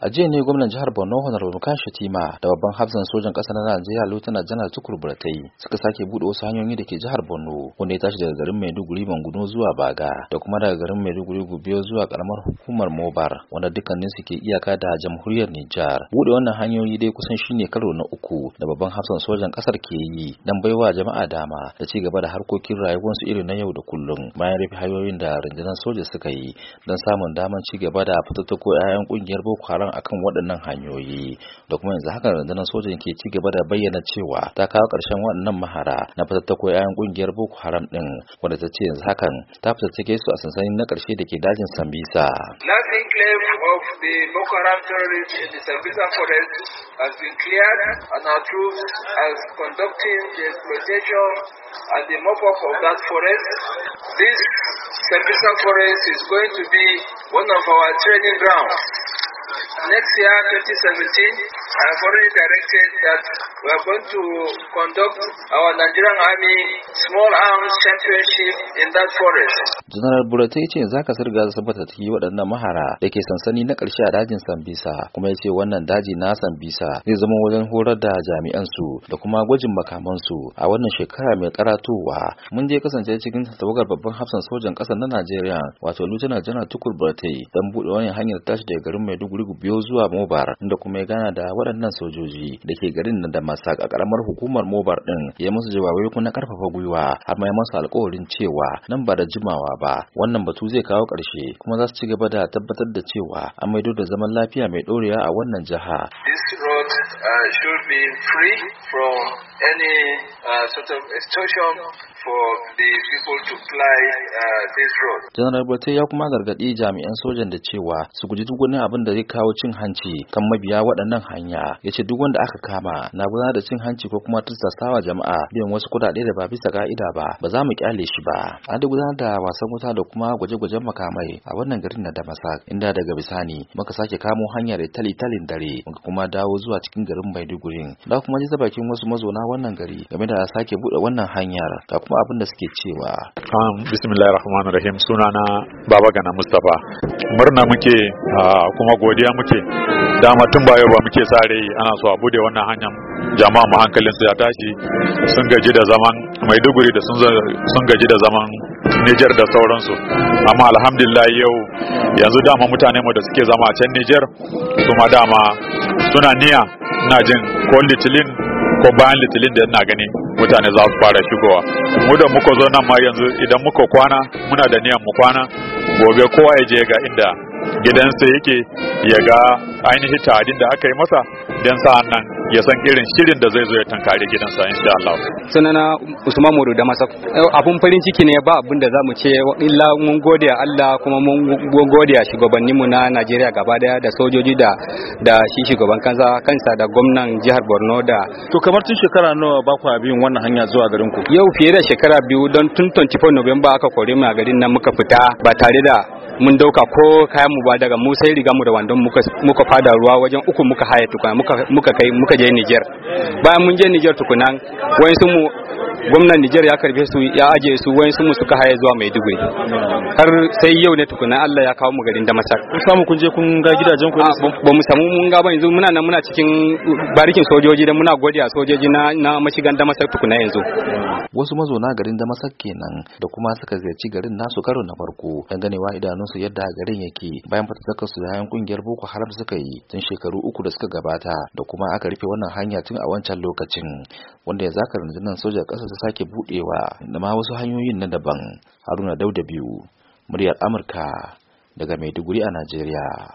a jiya ne gwamnan jihar borno honorable kan shatima da babban hafzan sojan ƙasa na najeriya lieutenant general tukur buratai suka sake buɗe wasu hanyoyi da ke jihar borno wanda ya tashi daga garin maiduguri banguno zuwa baga da kuma daga garin maiduguri gubiyo zuwa karamar hukumar mobar wanda dukkanin su ke iyaka da jamhuriyar nijar buɗe wannan hanyoyi dai kusan shine karo na uku da babban hafzan sojan ƙasar ke yi don baiwa jama'a dama da ci gaba da harkokin rayuwarsu irin na yau da kullum bayan rufe hanyoyin da rundunar soja suka yi don samun damar ci gaba da fitattako 'ya'yan ƙungiyar boko haram akan waɗannan hanyoyi da kuma yanzu haka rundunar sojan ke ci gaba da bayyana cewa ta kawo ƙarshen waɗannan mahara na fatattako 'ya'yan ƙungiyar boko haram ɗin wanda ta ce yanzu hakan ta fatattake su a sansani na ƙarshe da ke dajin sambisa Nothing left of the Boko Haram terrorists in the Sambisa forest has been cleared and our troops as conducting the exploitation and the mop-up of that forest. This Sambisa forest is going to be one of our training grounds. next year, 2017, I have already directed that we are going to conduct our Nigerian Army Small Arms Championship in that forest. General Bulate ce za ka sirga da sabata ta yi waɗannan mahara da ke sansani na ƙarshe a dajin Sambisa kuma ya ce wannan daji na Sambisa zai zama wajen horar da jami'ansu da kuma gwajin makamansu a wannan shekara mai karatowa. Mun je kasance cikin tawagar babban hafsan sojan ƙasa na Najeriya wato Lieutenant janar Tukur buratai don buɗe wani hanyar tashi daga garin Maiduguri biyo zuwa Mobar inda kuma ya gana da waɗannan sojoji da ke garin nan da masu a karamar hukumar mobar ɗin, ya musu jawabai kuna karfafa gwiwa har ma ya masu alƙawarin cewa nan ba da jimawa ba wannan batu zai kawo ƙarshe kuma za su ci gaba da tabbatar da cewa an maido da zaman lafiya mai ɗorewa a wannan jiha. but uh, should be free from any uh, sort of extortion for the people to ply uh, this road. General Bote ya kuma gargaɗi jami'an sojan da cewa su guji duk wani abin da zai kawo cin hanci kan mabiya waɗannan hanya. Ya ce duk wanda aka kama na gudanar da cin hanci ko kuma tursasawa jama'a biyan wasu kuɗaɗe da ba bisa ka'ida ba ba za mu kyale shi ba. An gudanar da wasan wuta da kuma gwaje-gwajen makamai a wannan garin na Damasak inda daga bisani muka sake kamo hanyar tali-talin dare muka kuma dawo zuwa A cikin garin Maiduguri da kuma ji bakin wasu mazauna wannan gari game da sake bude wannan hanyar ga kuma abin da suke cewa bismillahir rahmanir rahim sunana baba gana mustafa murna muke kuma godiya muke dama tun bayo ba muke sare ana so a bude wannan hanyar jama'a mu hankalin su ya tashi sun gaji da zaman Maiduguri da sun gaji da zaman Nijar da sauransu amma alhamdulillah yau yanzu dama mutane mu da suke zama a can Nijar su dama suna niya na jin ko litilin ko bayan litilin da ina gani mutane za su fara shigowa mu da muka zo nan ma yanzu idan muka kwana muna da niyan mu kwana gobe kowa ya je ga inda gidansa yake ya ga ainihin tadin da aka yi masa don sa'an nan ya san irin shirin da zai zo ya tankare gidansa insha Allah sunana Usman Modu da Masak abun farin ciki ne ba abin da zamu ce illa mun gode Allah kuma mun gode a shugabannin mu na Najeriya gaba daya da sojoji da da shi shugaban kansa kansa da gwamnan jihar Borno da to kamar tun shekara nawa ba ku abin wannan hanya zuwa garin ku yau fiye da shekara biyu don tun 24 November aka kore mu a garin nan muka fita ba tare da mun dauka ko kayan mu ba daga mu sai riga mu da wandon muka muka fada ruwa wajen uku muka haya tukuna muka muka kai muka je Niger bayan mun je Niger tukunan su mu gwamnan Nijar ya karbe su ya ajiye su wayan su suka haye zuwa Maiduguri har sai yau ne tukuna Allah ya kawo mu garin da Masar kun samu kun je kun ga gidajen ku ah, ba mu samu mun ga ba yanzu muna nan muna cikin barikin sojoji da muna godiya sojoji na na mashigan da Masar tukuna yanzu wasu mazauna garin da Masar kenan da kuma suka ziyarci garin nasu karo na farko dan ganewa idanunsu yadda garin yake bayan fatakar su da kungiyar Boko Haram suka yi tun shekaru uku da suka gabata da kuma aka rufe wannan hanya tun a wancan lokacin wanda ya zaka rundunar soja ƙasa sake budewa da ma wasu hanyoyin na daban haruna dauda biyu muryar amurka daga maiduguri a najeriya